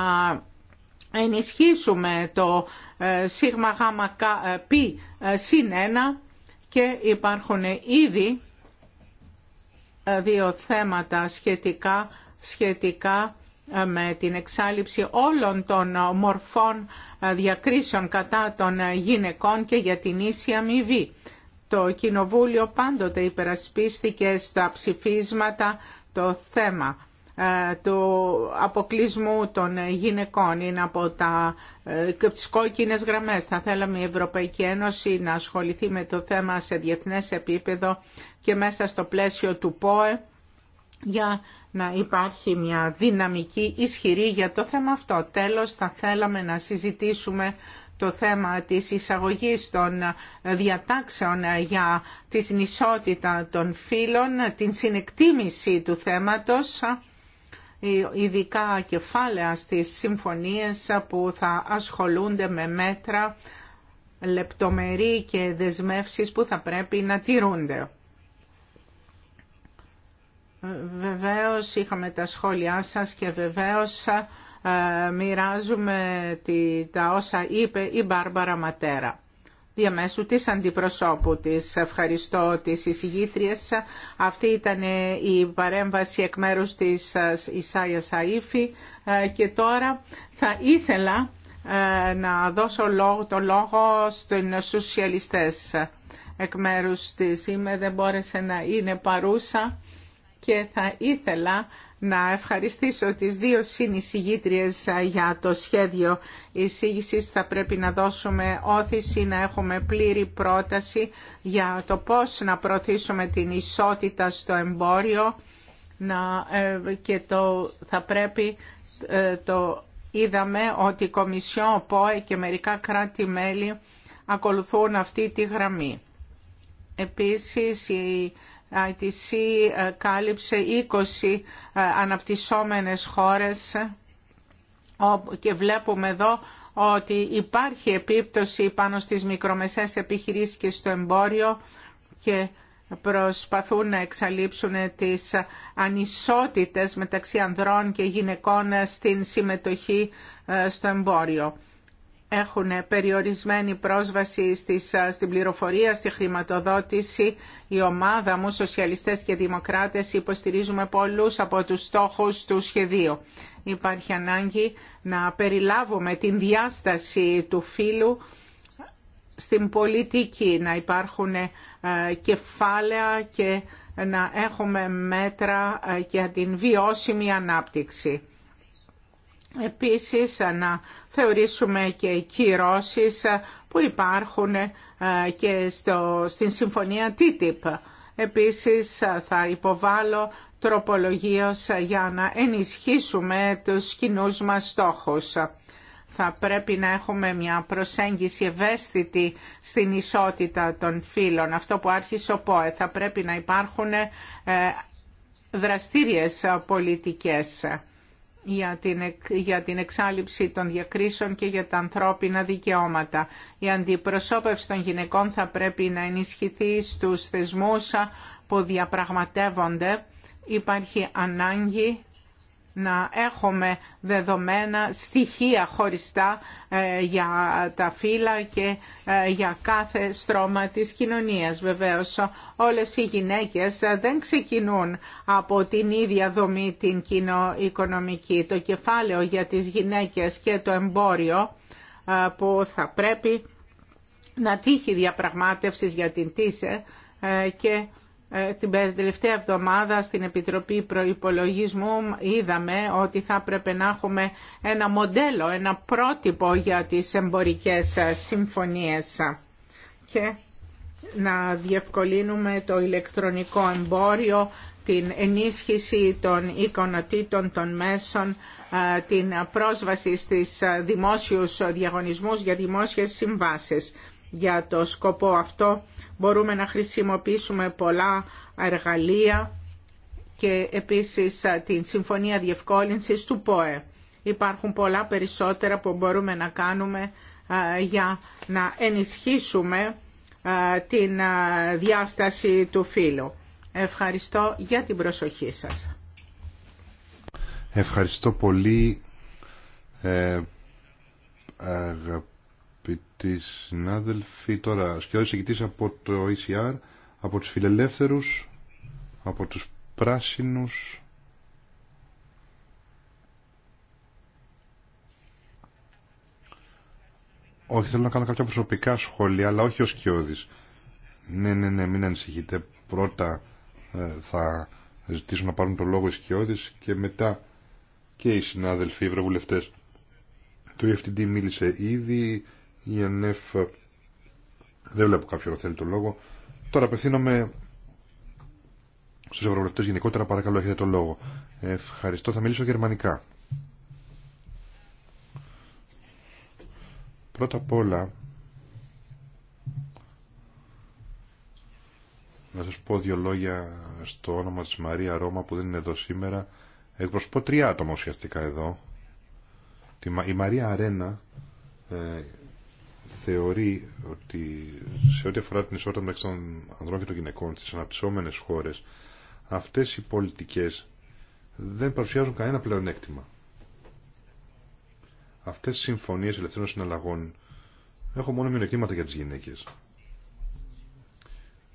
ενισχύσουμε το σίγμα γάμα πι συν ένα και υπάρχουν ήδη δύο θέματα σχετικά, σχετικά με την εξάλληψη όλων των μορφών ε, διακρίσεων κατά των ε, γυναικών και για την ίση αμοιβή. Το Κοινοβούλιο πάντοτε υπερασπίστηκε στα ψηφίσματα το θέμα ε, του αποκλεισμού των γυναικών είναι από, τα, από τις γραμμές. Θα θέλαμε η Ευρωπαϊκή Ένωση να ασχοληθεί με το θέμα σε διεθνές επίπεδο και μέσα στο πλαίσιο του ΠΟΕ για να υπάρχει μια δυναμική ισχυρή για το θέμα αυτό. Τέλος, θα θέλαμε να συζητήσουμε το θέμα της εισαγωγής των διατάξεων για τη νησότητα των φύλων, την συνεκτίμηση του θέματος, ειδικά κεφάλαια στις συμφωνίες που θα ασχολούνται με μέτρα λεπτομερή και δεσμεύσεις που θα πρέπει να τηρούνται. Βεβαίως είχαμε τα σχόλιά σας και βεβαίως ε, μοιράζουμε τα όσα είπε η Μπάρμπαρα Ματέρα διαμέσου της αντιπροσώπου της. Ευχαριστώ τις εισηγήτριες. Αυτή ήταν ε, η παρέμβαση εκ μέρους της ε, Ισάια Σαΐφη και τώρα θα ήθελα να δώσω το λόγο στους σοσιαλιστές εκ μέρους της. Είμαι, δεν μπόρεσε να είναι παρούσα και θα ήθελα να ευχαριστήσω τις δύο συνεισηγήτριες ε, για το σχέδιο εισήγησης. Θα πρέπει να δώσουμε όθηση, να έχουμε πλήρη πρόταση για το πώς να προωθήσουμε την ισότητα στο εμπόριο ε, και το, θα πρέπει ε, το είδαμε ότι η Κομισιόν, ο ΠΟΕ και μερικά κράτη-μέλη ακολουθούν αυτή τη γραμμή. Επίσης, η ITC ε, κάλυψε 20 ε, αναπτυσσόμενες χώρες και βλέπουμε εδώ ότι υπάρχει επίπτωση πάνω στις μικρομεσαίες επιχειρήσεις και στο εμπόριο και προσπαθούν να εξαλείψουν τις ανισότητες μεταξύ ανδρών και γυναικών στην συμμετοχή ε, στο εμπόριο έχουν περιορισμένη πρόσβαση στις, στην πληροφορία, στη χρηματοδότηση. Η ομάδα μου, σοσιαλιστές και δημοκράτες, υποστηρίζουμε πολλούς από τους στόχους του σχεδίου. Υπάρχει ανάγκη να περιλάβουμε την διάσταση του φύλου στην πολιτική, να υπάρχουν ε, κεφάλαια και να έχουμε μέτρα ε, για την βιώσιμη ανάπτυξη. Επίσης να θεωρήσουμε και κυρώσεις που υπάρχουν ε, και στο, στην συμφωνία TTIP. Επίσης θα υποβάλω τροπολογίες για να ενισχύσουμε τους κοινού μας στόχους. Θα πρέπει να έχουμε μια προσέγγιση ευαίσθητη στην ισότητα των φύλων. Αυτό που άρχισε ο ΠΟΕ. Θα πρέπει να υπάρχουν ε, δραστήριες πολιτικές για την, για εξάλληψη των διακρίσεων και για τα ανθρώπινα δικαιώματα. Η αντιπροσώπευση των γυναικών θα πρέπει να ενισχυθεί στους θεσμούς που διαπραγματεύονται. Υπάρχει ανάγκη να έχουμε δεδομένα, στοιχεία χωριστά ε, για τα φύλλα και ε, για κάθε στρώμα της κοινωνίας. Βεβαίως όλες οι γυναίκες ε, δεν ξεκινούν από την ίδια δομή την κοινοοικονομική. Το κεφάλαιο για τις γυναίκες και το εμπόριο που θα πρέπει να τύχει διαπραγμάτευσης για την ΤΙΣΕ και ε, την τελευταία εβδομάδα στην Επιτροπή Προϋπολογισμού είδαμε ότι θα πρέπει να έχουμε ένα μοντέλο, ένα πρότυπο για τις εμπορικές ε, συμφωνίες και να διευκολύνουμε το ηλεκτρονικό εμπόριο, την ενίσχυση των εικονοτήτων των μέσων, ε, την πρόσβαση στις δημόσιους διαγωνισμούς για δημόσιες συμβάσεις για το σκοπό αυτό. Μπορούμε να χρησιμοποιήσουμε πολλά εργαλεία και επίσης την Συμφωνία Διευκόλυνσης του ΠΟΕ. Υπάρχουν πολλά περισσότερα που μπορούμε να κάνουμε για να ενισχύσουμε την διάσταση του φύλου. Ευχαριστώ για την προσοχή σας. Ευχαριστώ πολύ. Ε, ε, Αγαπητοί συνάδελφοι, τώρα σκιώδης ηγητής από το ECR, από τους φιλελεύθερους, από τους πράσινους. Όχι, θέλω να κάνω κάποια προσωπικά σχόλια, αλλά όχι ο σκιώδης. Ναι, ναι, ναι, μην ανησυχείτε. Πρώτα ε, θα ζητήσω να πάρουν το λόγο οι Σκιώδης και μετά και οι συνάδελφοι, οι ευρωβουλευτές. Το EFTD μίλησε ήδη, η ΕΝΕΦ δεν βλέπω κάποιο θέλει το λόγο. Τώρα απευθύνομαι στους ευρωβουλευτές γενικότερα. Παρακαλώ, έχετε το λόγο. Ευχαριστώ. Θα μιλήσω γερμανικά. Πρώτα απ' όλα να σας πω δύο λόγια στο όνομα της Μαρία Ρώμα που δεν είναι εδώ σήμερα. Εκπροσωπώ τρία άτομα ουσιαστικά εδώ. Η Μαρία Αρένα ε, θεωρεί ότι σε ό,τι αφορά την ισότητα μεταξύ των ανδρών και των γυναικών στις αναπτυσσόμενες χώρες αυτές οι πολιτικές δεν παρουσιάζουν κανένα πλεονέκτημα. Αυτές οι συμφωνίες ελευθερών συναλλαγών έχουν μόνο μειονεκτήματα για τις γυναίκες.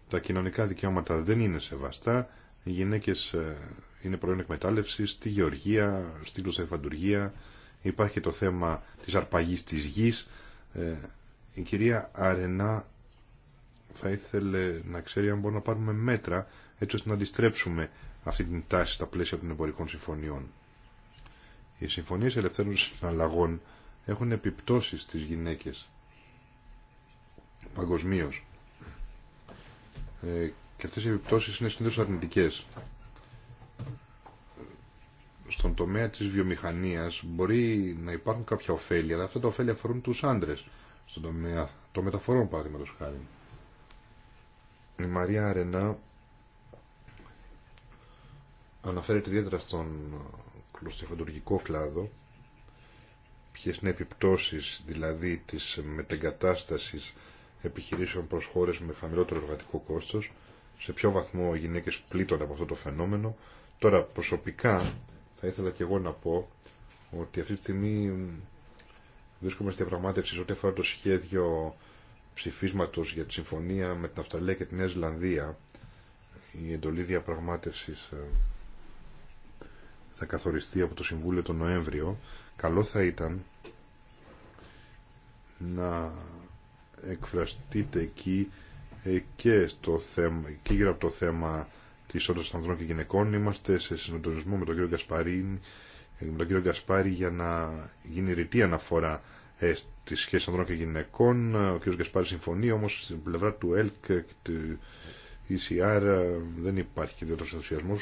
Τα κοινωνικά δικαιώματα δεν είναι σεβαστά, οι γυναίκες ε, είναι προϊόν εκμετάλλευση στη γεωργία, στην κλωσταϊφαντουργία, υπάρχει το θέμα της αρπαγής της γης, ε, η κυρία Αρενά θα ήθελε να ξέρει αν μπορούμε να πάρουμε μέτρα έτσι ώστε να αντιστρέψουμε αυτή την τάση στα πλαίσια των εμπορικών συμφωνιών. Οι συμφωνίες ελευθέρων συναλλαγών έχουν επιπτώσεις στις γυναίκες παγκοσμίω. Ε, και αυτές οι επιπτώσεις είναι συνήθως αρνητικές. Στον τομέα της βιομηχανίας μπορεί να υπάρχουν κάποια ωφέλη, αλλά αυτά τα ωφέλη αφορούν τους άντρες στον τομέα των μεταφορών παραδείγματο χάρη. Η Μαρία Αρενά αναφέρεται ιδιαίτερα στον κλωστιφαντουργικό ε, κλάδο ποιες είναι επιπτώσεις δηλαδή της μετεγκατάστασης επιχειρήσεων προς χώρες με χαμηλότερο εργατικό κόστος, σε ποιο βαθμό οι γυναίκες πλήττονται από αυτό το φαινόμενο. Τώρα προσωπικά θα ήθελα και εγώ να πω ότι αυτή τη στιγμή βρίσκομαι στη διαπραγμάτευση ό,τι αφορά το σχέδιο ψηφίσματος για τη συμφωνία με την Αυστραλία και την Νέα Ζηλανδία. Η εντολή διαπραγμάτευσης ε, θα καθοριστεί από το Συμβούλιο τον Νοέμβριο. Καλό θα ήταν να εκφραστείτε εκεί ε, και, στο θέμα, και γύρω από το θέμα τη ισότητα των ανδρών και γυναικών. Είμαστε σε συντονισμό με τον κύριο Γκασπαρίνη ε, με τον κύριο Γκασπάρη για να γίνει ρητή αναφορά ε, τη σχέση ανδρών και γυναικών. Ε, ο κ. Γκασπάρη συμφωνεί, όμω στην πλευρά του ΕΛΚ και του ECR ε, δεν υπάρχει και ιδιαίτερο ενθουσιασμό,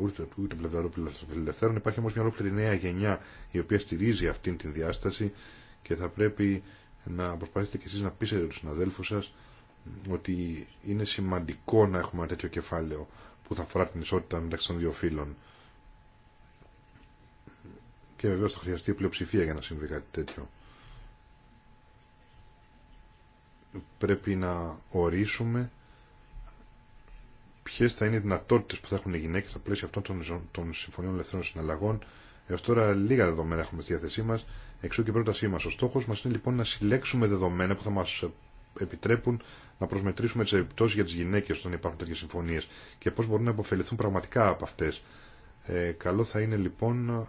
ούτε πλευρά του Φιλελευθέρων. Υπάρχει όμω μια ολόκληρη νέα γενιά η οποία στηρίζει αυτήν την διάσταση και θα πρέπει να προσπαθήσετε κι εσεί να πείσετε του συναδέλφου σα ότι είναι σημαντικό να έχουμε ένα τέτοιο κεφάλαιο που θα αφορά την ισότητα μεταξύ των δύο φύλων. Και βεβαίω θα χρειαστεί πλειοψηφία για να συμβεί κάτι τέτοιο. πρέπει να ορίσουμε ποιε θα είναι οι δυνατότητε που θα έχουν οι γυναίκε στα πλαίσια αυτών των, των συμφωνιών ελευθερών συναλλαγών. Έω τώρα λίγα δεδομένα έχουμε στη διάθεσή μα, εξού και η πρότασή μα. Ο στόχο μα είναι λοιπόν να συλλέξουμε δεδομένα που θα μα ε, επιτρέπουν να προσμετρήσουμε τι επιπτώσει για τι γυναίκε όταν υπάρχουν τέτοιε συμφωνίε και πώ μπορούν να αποφεληθούν πραγματικά από αυτέ. Ε, καλό θα είναι λοιπόν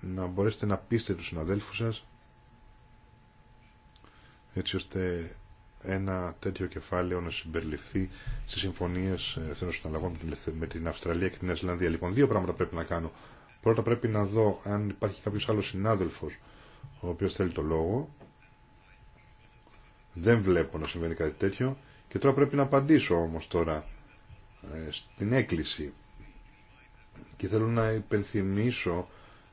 να μπορέσετε να πείστε του συναδέλφου σα έτσι ώστε ένα τέτοιο κεφάλαιο να συμπεριληφθεί στι συμφωνίε ευθύνων συναλλαγών με την Αυστραλία και την Νέα Λοιπόν, δύο πράγματα πρέπει να κάνω. Πρώτα πρέπει να δω αν υπάρχει κάποιο άλλο συνάδελφο ο οποίο θέλει το λόγο. Δεν βλέπω να συμβαίνει κάτι τέτοιο. Και τώρα πρέπει να απαντήσω όμως τώρα ε, στην έκκληση. Και θέλω να υπενθυμίσω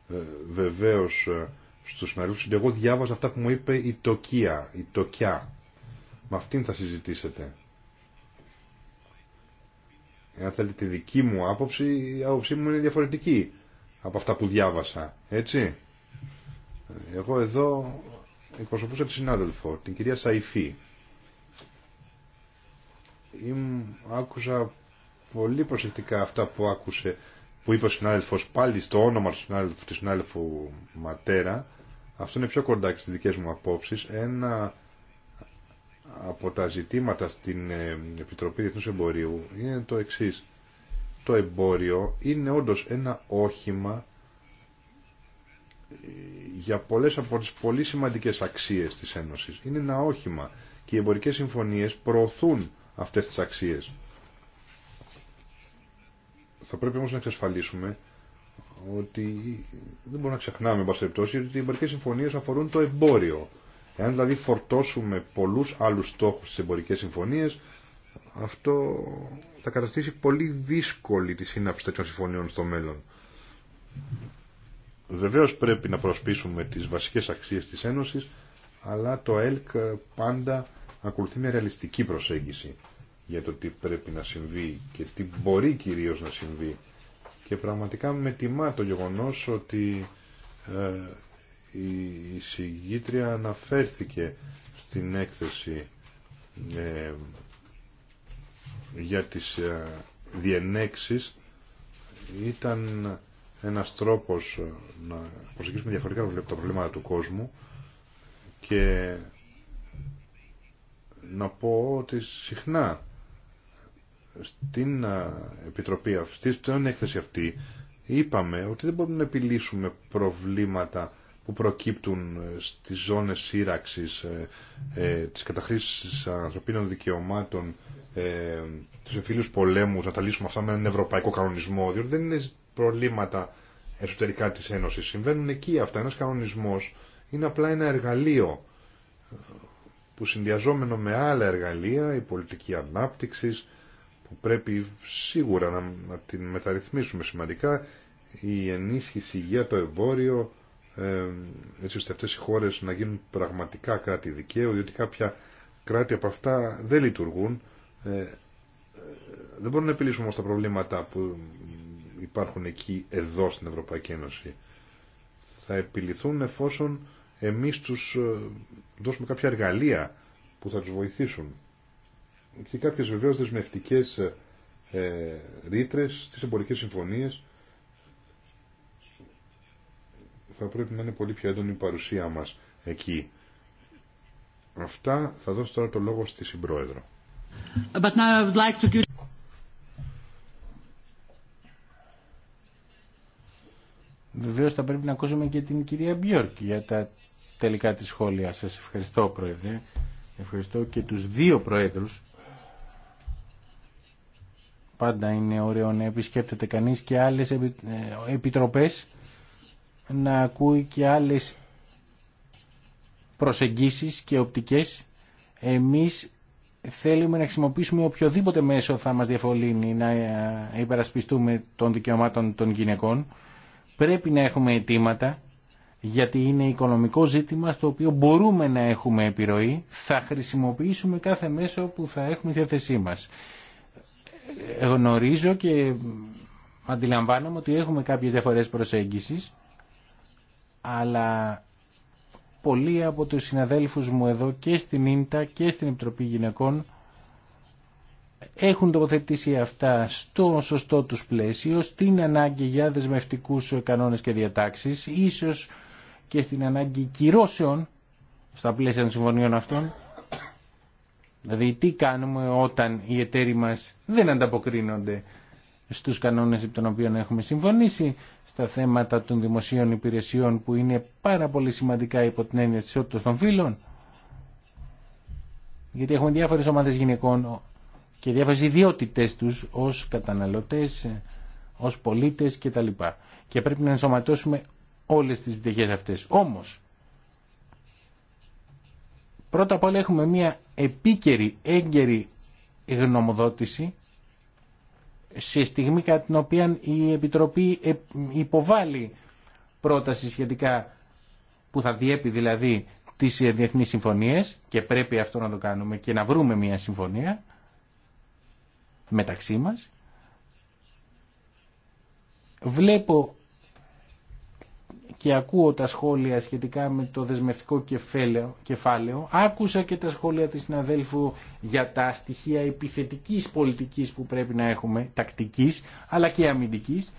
ε, βεβαίως ε, στους συναδέλφους και εγώ διάβαζα αυτά που μου είπε η Τοκία, η Τοκιά. Με αυτήν θα συζητήσετε. Εάν θέλετε τη δική μου άποψη, η άποψή μου είναι διαφορετική από αυτά που διάβασα. Έτσι. Εγώ εδώ εκπροσωπούσα τη συνάδελφο, την κυρία Σαϊφή. άκουσα πολύ προσεκτικά αυτά που άκουσε, που είπε ο συνάδελφος πάλι στο όνομα του συνάδελφου, συνάδελφου Ματέρα αυτό είναι πιο κοντά και στις δικές μου απόψεις, ένα από τα ζητήματα στην ε, Επιτροπή Διεθνούς Εμπορίου είναι το εξής. Το εμπόριο είναι όντως ένα όχημα ε, για πολλές από τις πολύ σημαντικές αξίες της Ένωσης. Είναι ένα όχημα και οι εμπορικές συμφωνίες προωθούν αυτές τις αξίες. Θα πρέπει όμως να εξασφαλίσουμε ότι δεν μπορούμε να ξεχνάμε, εν ότι οι εμπορικέ συμφωνίε αφορούν το εμπόριο. Εάν δηλαδή φορτώσουμε πολλού άλλου στόχου στι εμπορικέ συμφωνίε, αυτό θα καταστήσει πολύ δύσκολη τη σύναψη τέτοιων συμφωνιών στο μέλλον. Βεβαίω πρέπει να προσπίσουμε τι βασικές αξίε της Ένωσης, αλλά το ΕΛΚ πάντα ακολουθεί μια ρεαλιστική προσέγγιση για το τι πρέπει να συμβεί και τι μπορεί κυρίως να συμβεί και πραγματικά με τιμά το γεγονός ότι ε, η συγγήτρια αναφέρθηκε στην έκθεση ε, για τις ε, διενέξεις ήταν ένας τρόπος ε, να προσεγγίσουμε διαφορετικά τα προβλήματα του κόσμου και να πω ότι συχνά στην Επιτροπή αυτή, στην έκθεση αυτή, είπαμε ότι δεν μπορούμε να επιλύσουμε προβλήματα που προκύπτουν ε, στις ζώνες σύραξης ε, ε, της καταχρήσης ανθρωπίνων δικαιωμάτων ε, τους εμφύλιους πολέμου, να τα λύσουμε αυτά με έναν ευρωπαϊκό κανονισμό, διότι δεν είναι προβλήματα εσωτερικά της Ένωσης. Συμβαίνουν εκεί αυτά. Ένας κανονισμός είναι απλά ένα εργαλείο που συνδυαζόμενο με άλλα εργαλεία, η πολιτική ανάπτυξη, πρέπει σίγουρα να, την μεταρρυθμίσουμε σημαντικά η ενίσχυση για το εμπόριο ε, έτσι ώστε αυτές οι χώρες να γίνουν πραγματικά κράτη δικαίου διότι κάποια κράτη από αυτά δεν λειτουργούν ε, ε, δεν μπορούμε να επιλύσουμε όμως τα προβλήματα που υπάρχουν εκεί εδώ στην Ευρωπαϊκή Ένωση θα επιληθούν εφόσον εμείς τους ε, δώσουμε κάποια εργαλεία που θα τους βοηθήσουν και κάποιες βεβαίως δεσμευτικές ε, ρήτρες στις εμπορικές συμφωνίες θα πρέπει να είναι πολύ πιο έντονη η παρουσία μας εκεί. Αυτά θα δώσω τώρα το λόγο στη Συμπρόεδρο. But I would like to Βεβαίως θα πρέπει να ακούσουμε και την κυρία Μπιόρκ για τα τελικά της σχόλια. Σας ευχαριστώ Πρόεδρε. Ευχαριστώ και τους δύο Πρόεδρους πάντα είναι ωραίο να επισκέπτεται κανείς και άλλες ε, επιτροπές, να ακούει και άλλες προσεγγίσεις και οπτικές. Εμείς θέλουμε να χρησιμοποιήσουμε οποιοδήποτε μέσο θα μας διαφωλύνει ε, να υπερασπιστούμε των δικαιωμάτων των γυναικών. Πρέπει να έχουμε αιτήματα, γιατί είναι οικονομικό ζήτημα στο οποίο μπορούμε να έχουμε επιρροή, θα χρησιμοποιήσουμε κάθε μέσο που θα έχουμε διάθεσή μας γνωρίζω και αντιλαμβάνομαι ότι έχουμε κάποιες διαφορές προσέγγισης, αλλά πολλοί από τους συναδέλφους μου εδώ και στην Ίντα και στην Επιτροπή Γυναικών έχουν τοποθετήσει αυτά στο σωστό τους πλαίσιο, στην ανάγκη για δεσμευτικούς κανόνες και διατάξεις, ίσως και στην ανάγκη κυρώσεων στα πλαίσια των συμφωνίων αυτών, Δηλαδή τι κάνουμε όταν οι εταίροι μας δεν ανταποκρίνονται στους κανόνες από τον οποίο έχουμε συμφωνήσει στα θέματα των δημοσίων υπηρεσιών που είναι πάρα πολύ σημαντικά υπό την έννοια της ισότητας των φύλων γιατί έχουμε διάφορες ομάδες γυναικών και διάφορες ιδιότητες τους ως καταναλωτές, ως πολίτες κτλ. Και πρέπει να ενσωματώσουμε όλες τις πτυχές αυτές. Όμως, πρώτα απ' όλα έχουμε μια επίκαιρη, έγκαιρη γνωμοδότηση σε στιγμή κατά την οποία η Επιτροπή ε, υποβάλλει πρόταση σχετικά που θα διέπει δηλαδή τις διεθνείς συμφωνίες και πρέπει αυτό να το κάνουμε και να βρούμε μια συμφωνία μεταξύ μας. Βλέπω και ακούω τα σχόλια σχετικά με το δεσμευτικό κεφάλαιο, κεφάλαιο. Άκουσα και τα σχόλια της συναδέλφου για τα στοιχεία επιθετικής πολιτικής που πρέπει να έχουμε, τακτικής, αλλά και αμυντικής.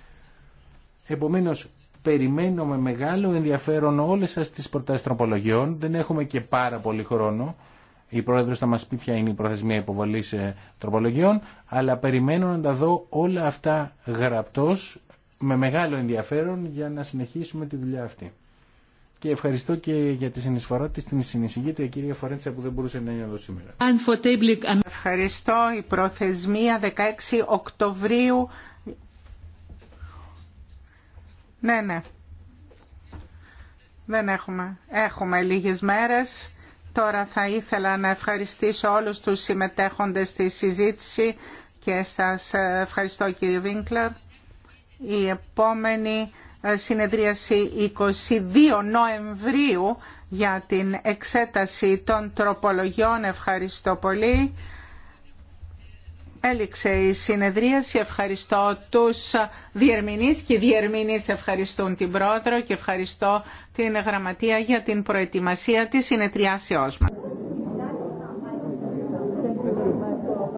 Επομένως, περιμένω με μεγάλο ενδιαφέρον όλες σας τις προτάσεις τροπολογιών. Δεν έχουμε και πάρα πολύ χρόνο. Η πρόεδρος θα μας πει ποια είναι η προθεσμία υποβολής ε, τροπολογιών, αλλά περιμένω να τα δω όλα αυτά γραπτός με μεγάλο ενδιαφέρον για να συνεχίσουμε τη δουλειά αυτή. Και ευχαριστώ και για τη συνεισφορά της στην συνεισηγήτρια κυρία Φορέντσα που δεν μπορούσε να είναι εδώ σήμερα. Ευχαριστώ. Η προθεσμία 16 Οκτωβρίου. Ναι, ναι. Δεν έχουμε. Έχουμε λίγες μέρες. Τώρα θα ήθελα να ευχαριστήσω όλους τους συμμετέχοντες στη συζήτηση και σας ευχαριστώ κύριε Βίνκλερ η επόμενη ε, συνεδρίαση 22 Νοεμβρίου για την εξέταση των τροπολογιών. Ευχαριστώ πολύ. Έληξε η συνεδρίαση. Ευχαριστώ τους διερμηνείς και οι διερμηνείς ευχαριστούν την πρόεδρο και ευχαριστώ την γραμματεία για την προετοιμασία της συνεδριάσεώς μας.